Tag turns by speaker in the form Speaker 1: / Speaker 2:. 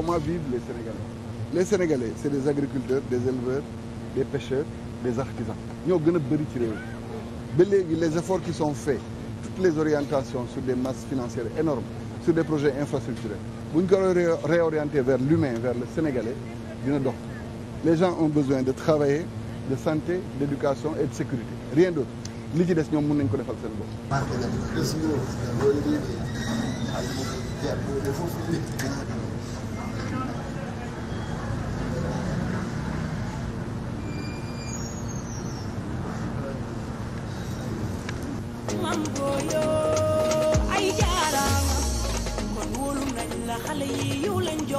Speaker 1: comment vivent les Sénégalais les Sénégalais c'est des agriculteurs des éleveurs des pêcheurs des artisans ñoo gën a bëri ci ba léegi les efforts qui sont faits toutes les orientations sur des masses financières énormes sur des projets infrastructurels bu ñu ko réorienter vers l'humain vers le Sénégalais dina dox les gens ont besoin de travailler de santé d'éducation et de sécurité rien d'autre li ci des ñoom mën nañ ko defal seen bopp
Speaker 2: mam gooyo
Speaker 3: ay
Speaker 4: jaaraama kon wóolu nañ la xale yi yow lañ jox